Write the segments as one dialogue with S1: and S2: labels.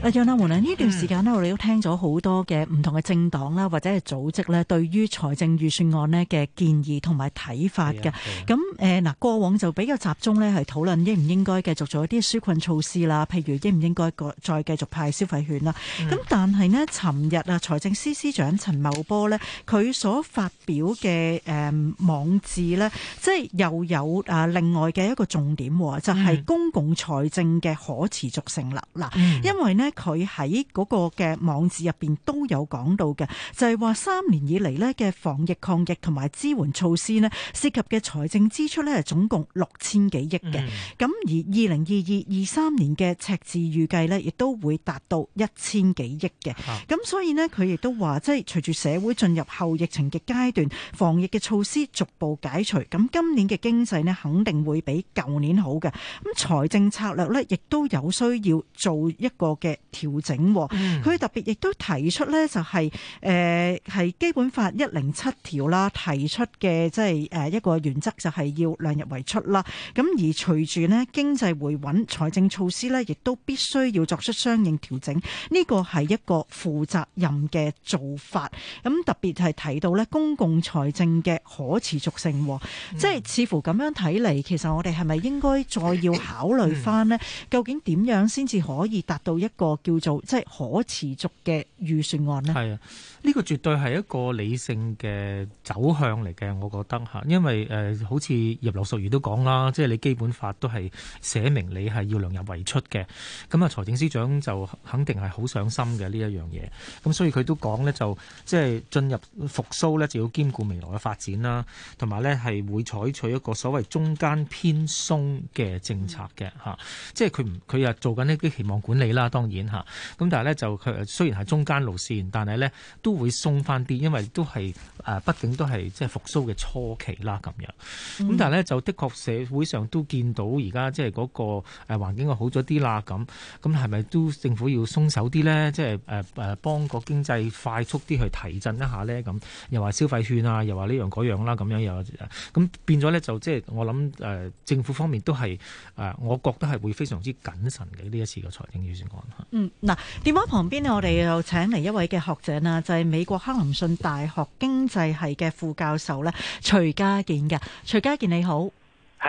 S1: 阿楊立門啊，呢段時間呢，我哋都聽咗好多嘅唔同嘅政黨啦，或者係組織呢對於財政預算案呢嘅建議同埋睇法嘅。咁誒嗱，過往就比較集中呢，係討論應唔應該繼續做一啲紓困措施啦，譬如應唔應該再再繼續派消費券啦。咁、嗯、但係呢，尋日啊，財政司司長陳茂波呢，佢所發表嘅誒、嗯、網誌呢，即係又有啊另外嘅一個重點，就係、是、公共財政嘅可持續性啦。嗱、嗯，因為呢。佢喺嗰個嘅網誌入邊都有講到嘅，就係話三年以嚟咧嘅防疫抗疫同埋支援措施咧，涉及嘅財政支出咧，總共六千幾億嘅。咁而二零二二二三年嘅赤字預計咧，亦都會達到一千幾億嘅。咁所以咧，佢亦都話，即係隨住社會進入後疫情嘅階段，防疫嘅措施逐步解除，咁今年嘅經濟咧，肯定會比舊年好嘅。咁財政策略咧，亦都有需要做一個嘅。調整，佢特別亦都提出咧、就是，就係誒係基本法一零七條啦，提出嘅即係誒一個原則就係要量入為出啦。咁而隨住咧經濟回穩，財政措施咧亦都必須要作出相應調整。呢個係一個負責任嘅做法。咁特別係提到咧公共財政嘅可持續性，嗯、即係似乎咁樣睇嚟，其實我哋係咪應該再要考慮翻咧？究竟點樣先至可以達到一個。個叫做即係可持續嘅預算案咧，係
S2: 啊，呢、這個絕對係一個理性嘅走向嚟嘅，我覺得吓，因為誒、呃，好似葉劉淑儀都講啦，即係你基本法都係寫明你係要量入為出嘅，咁啊財政司長就肯定係好上心嘅呢一樣嘢，咁所以佢都講咧，就即係進入復蘇咧，就要兼顧未來嘅發展啦，同埋咧係會採取一個所謂中間偏鬆嘅政策嘅吓、嗯啊，即係佢唔佢又做緊一啲期望管理啦，當然。吓、啊，咁但係咧就佢雖然係中間路線，但係咧都會鬆翻啲，因為都係誒，畢、啊、竟都係即係復蘇嘅初期啦咁樣。咁但係咧就的確社會上都見到而家即係嗰個誒環境好咗啲啦，咁咁係咪都政府要鬆手啲咧？即係誒誒，幫、啊、個經濟快速啲去提振一下咧？咁又話消費券？啊，又話呢樣嗰樣啦，咁樣又咁變咗咧就即、就、係、是、我諗誒、呃，政府方面都係誒、呃，我覺得係會非常之謹慎嘅呢一次嘅財政預算案。
S1: 嗯，嗱、啊，電話旁邊我哋又請嚟一位嘅學者啦，就係、是、美國克林信大學經濟系嘅副教授咧，徐家健嘅，徐家健你好。
S3: 係你好，你好，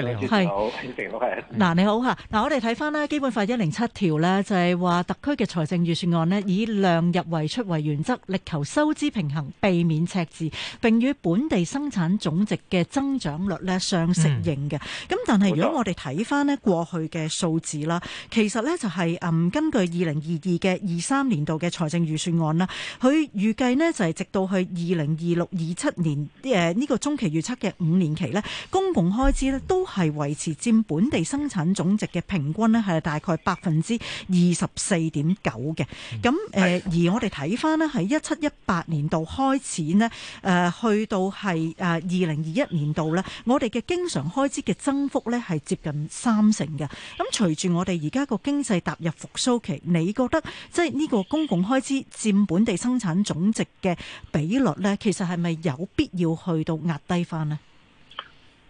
S3: 你， 你好，歡迎收睇。嗱你
S1: 好吓，嗱我哋睇翻呢基本法一零七條呢，就係、是、話特區嘅財政預算案呢，以量入為出為原則，力求收支平衡，避免赤字，並與本地生產總值嘅增長率呢相適應嘅。咁、嗯、但係、嗯、如果我哋睇翻呢過去嘅數字啦、嗯，其實呢就係嗯根據二零二二嘅二三年度嘅財政預算案啦，佢預計呢就係直到去二零二六二七年誒呢、呃這個中期預測嘅五年期呢，公共開開支咧，都係維持佔本地生產總值嘅平均咧，係大概百分之二十四點九嘅。咁誒、呃、而我哋睇翻咧，喺一七一八年度開始誒、呃、去到係誒二零二一年度咧，我哋嘅經常開支嘅增幅咧，係接近三成嘅。咁隨住我哋而家個經濟踏入復蘇期，你覺得即係呢個公共開支佔本地生產總值嘅比率呢，其實係咪有必要去到壓低翻呢？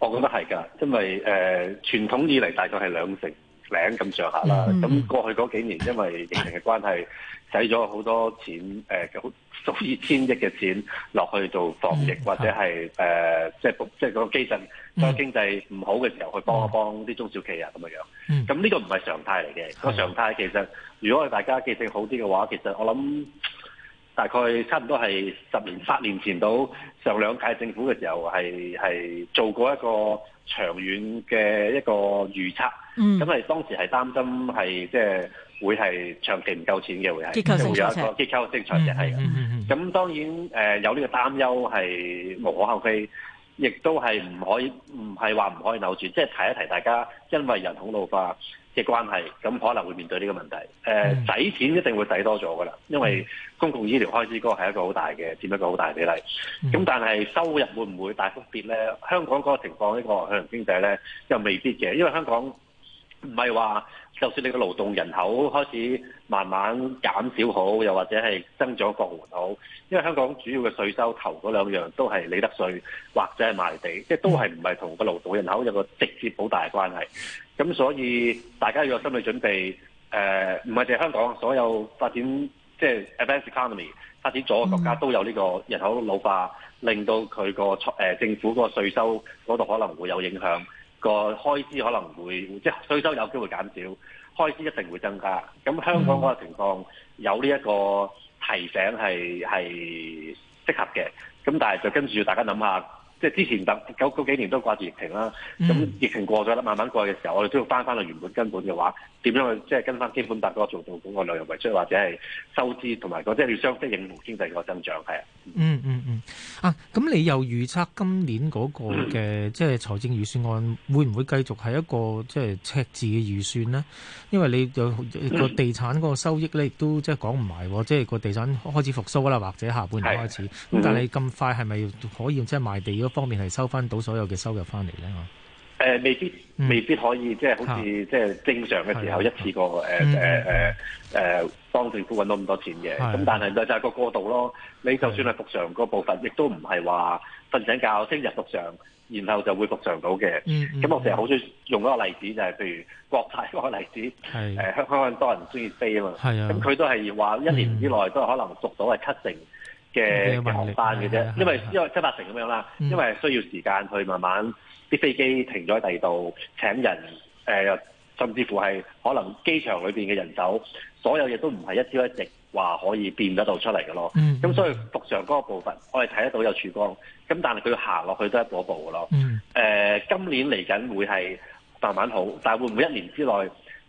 S3: 我覺得係㗎，因為誒傳、呃、統以嚟大概係兩成零咁上下啦。咁、嗯嗯、過去嗰幾年，因為疫情嘅關係，使咗好多錢好數、呃、以千億嘅錢落去做防疫、嗯、或者係誒，即係即係嗰個基建。當、嗯那個、經濟唔好嘅時候，去幫一幫啲中小企業咁樣咁呢、嗯、個唔係常態嚟嘅。個常態其實，嗯、如果係大家記性好啲嘅話，其實我諗。大概差唔多係十年、八年前到上兩屆政府嘅時候，係係做過一個長遠嘅一個預測。嗯。咁係當時係擔心係即係會係長期唔夠錢嘅，會係會有一個結構性財政係。咁、嗯嗯嗯嗯、當然有呢個擔憂係無可厚非，亦都係唔可以唔係話唔可以扭轉，即係提一提大家，因為人口老化。嘅關係，咁可能會面對呢個問題。誒、呃，使、mm -hmm. 錢一定會使多咗㗎喇，因為公共醫療開支嗰個係一個好大嘅，佔一個好大比例。咁但係收入會唔會大幅跌咧？香港嗰個情況，呢個香港經濟咧又未必嘅，因為香港。唔係話，就算你個勞動人口開始慢慢減少好，又或者係增長放緩好，因為香港主要嘅稅收頭嗰兩樣都係利得稅或者係賣地，即都係唔係同個勞動人口有一個直接好大嘅關係。咁所以大家要有心理準備，誒、呃，唔係淨係香港，所有發展即係、就是、advanced economy 發展咗嘅國家都有呢個人口老化，令到佢個、呃、政府個稅收嗰度可能會有影響。個開支可能會即係稅收有機會減少，開支一定會增加。咁香港嗰個情況有呢一個提醒係係適合嘅，咁但係就跟住大家諗下。即係之前九嗰幾年都掛住疫情啦，咁疫情過咗啦，慢慢過嘅時候，我哋都要翻翻去原本根本嘅話，點樣去即係跟翻基本法嗰，那個做到個量入為出或者係收支同埋嗰即係要相應應付經濟個增長係，嗯
S2: 嗯嗯、啊。嗯嗯嗯啊，咁你又預測今年嗰個嘅即係財政預算案會唔會繼續係一個即係，就是、赤字嘅預算呢？因為你就個，嗯、地產嗰個收益咧亦都即係，就是、講唔埋，即、就、係、是、個地產開始復甦啦，或者下半年開始咁，嗯，但係你咁快係咪可以即係，就是、賣地咗？方面係收翻到所有嘅收入翻嚟咧，誒、呃、
S3: 未必未必可以、嗯、即係好似、啊、即係正常嘅時候一次過，誒誒誒誒當政府揾到咁多錢嘅，咁但係就就係個過渡咯。你就算係復常個部分，亦都唔係話瞓醒覺聽日復常，然後就會復常到嘅。
S2: 咁、嗯嗯、我成日好中
S3: 意用一個例子就係、是、譬如國泰嗰個例子，誒、呃、香港多人中意飛啊嘛，咁佢、嗯嗯、都係話一年之內都可能復到係七成。嘅航班嘅啫，因為因為七八成咁樣啦、嗯，因為需要時間去慢慢，啲飛機停咗喺第二度請人、呃，甚至乎係可能機場裏面嘅人手，所有嘢都唔係一朝一夕話可以變得到出嚟嘅咯。咁、嗯、所以復常嗰個部分，我哋睇得到有曙光。咁但係佢行落去都一步一步
S2: 嘅
S3: 咯、呃。今年嚟緊會係慢慢好，但係會唔會一年之內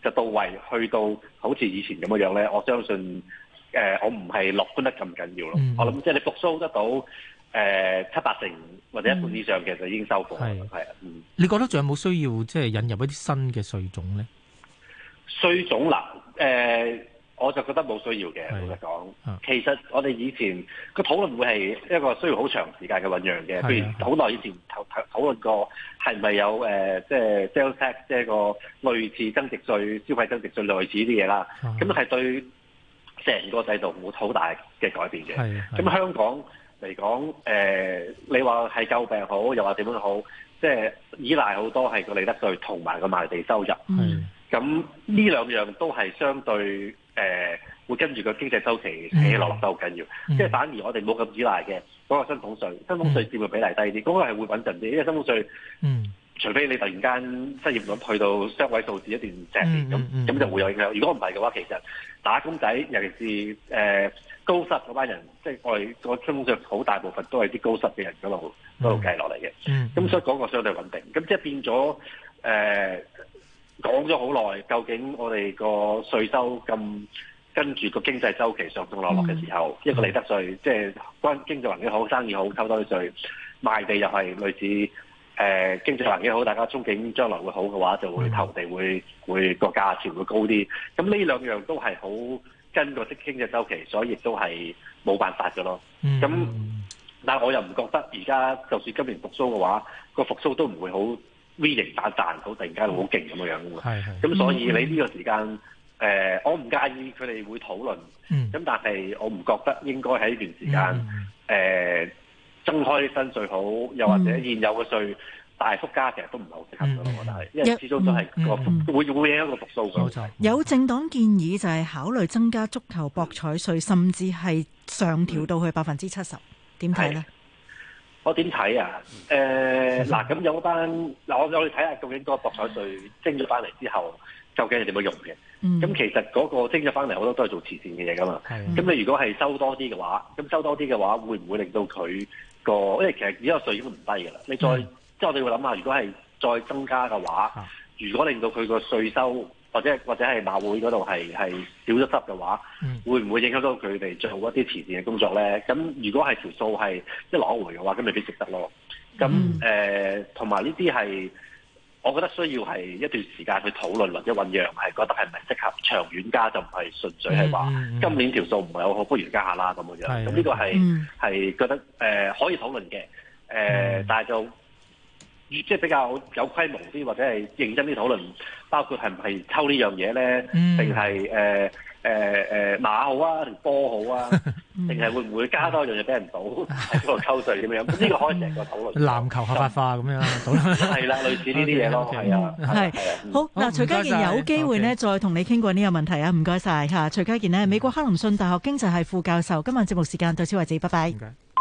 S3: 就到位去到好似以前咁樣樣咧？我相信。誒、呃，我唔係樂觀得咁緊要咯、嗯。我諗即係你復甦得到誒、呃、七八成或者一半以上、嗯，其實已經收貨啊、就是，嗯。
S2: 你覺得仲有冇需要即係引入一啲新嘅稅種咧？
S3: 稅種啦，誒、呃，我就覺得冇需要嘅，老實講。其實我哋以前個討論會係一個需要好長時間嘅醖釀嘅，譬如好耐以前討論過係咪有即係 sales tax 即係個類似增值稅、消費增值稅類似啲嘢啦。咁係對。成個制度冇好大嘅改變嘅，咁香港嚟講、呃，你話係救病好，又話點樣好，即、就、係、是、依賴好多係個利得稅同埋個賣地收入，咁呢兩樣都係相對、呃、會跟住個經濟周期起落得好緊要，即係、就是、反而我哋冇咁依賴嘅嗰個薪俸稅，薪俸稅佔會比例低啲，嗰、嗯那個係會穩陣啲，因為薪俸稅。嗯除非你突然間失業率去到雙位數字一段時間，咁、嗯、咁、嗯嗯、就會有影響。如果唔係嘅話，其實打工仔尤其是誒、呃、高薪嗰班人，即係我哋個經濟好大部分都係啲高薪嘅人嗰度嗰度計落嚟嘅。咁、嗯嗯、所以嗰個相對穩定。咁即係變咗誒、呃、講咗好耐，究竟我哋個稅收咁跟住個經濟周期上上落落嘅時候，嗯、一個利得稅，即係關經濟環境好生意好抽多啲稅，賣地又係類似。誒、呃、經濟環境好，大家憧憬將來會好嘅話，就會投地會、嗯、會個價錢會高啲。咁呢兩樣都係好跟個經濟嘅周期，所以亦都係冇辦法嘅囉。咁、嗯、但我又唔覺得而家就算今年復甦嘅話，個復甦都唔會好 V 型反彈，好突然間好勁咁樣嘅
S2: 咁、嗯、所以你呢
S3: 個時間誒、嗯呃，我唔介意佢哋會討論。嗯。咁但係我唔覺得應該喺呢段時間誒。嗯呃增開啲新稅好，又或者現有嘅稅、嗯、大幅加，其實都唔係好適合我覺得、嗯、係因為始終都係個會、嗯、會,會影響一個復甦、嗯嗯、
S1: 有政黨建議就係考慮增加足球博彩稅，甚至係上調到去百分之七十。點睇咧？
S3: 我點睇啊？誒、呃、嗱，咁、嗯、有一班嗱、嗯，我我哋睇下究竟嗰個博彩稅徵咗翻嚟之後，究竟係點樣用嘅？咁、嗯、其實嗰個徵咗翻嚟好多都係做慈善嘅嘢㗎嘛。咁、嗯、你如果係收多啲嘅話，咁收多啲嘅話，會唔會令到佢？個因為其實而家個稅已經唔低嘅啦。你再、mm. 即係我哋會諗下，如果係再增加嘅話，如果令到佢個稅收或者或者係馬會嗰度係係少咗執嘅話，mm. 會唔會影響到佢哋做一啲慈善嘅工作咧？咁如果係條數係一攞回嘅話，咁未必值得咯。咁誒，同埋呢啲係。我覺得需要係一段時間去討論或者醖釀，係覺得係唔係適合長遠加，就唔係純粹係話今年條數唔係好好，不如加下啦咁嘅樣。咁呢、這個係係、嗯、覺得誒、呃、可以討論嘅，誒、呃嗯，但係就即係比較有規模啲或者係認真啲討論，包括係唔係抽呢樣嘢咧，定係誒？誒、呃、誒、呃、馬好啊，定波好啊，定係會唔會加多樣嘢俾人
S2: 賭，喺度抽稅點樣？呢個可以成個討論。籃球合法化咁樣，係 啦，類似呢啲嘢咯。係啊，係、 okay, okay。好嗱，徐家健謝謝有
S1: 機會呢，再同你傾過呢個問題啊！唔該晒，嚇，徐家健咧，okay. 美國克林信大學經濟系副教授。今晚節目時間到此為止，拜拜。Okay.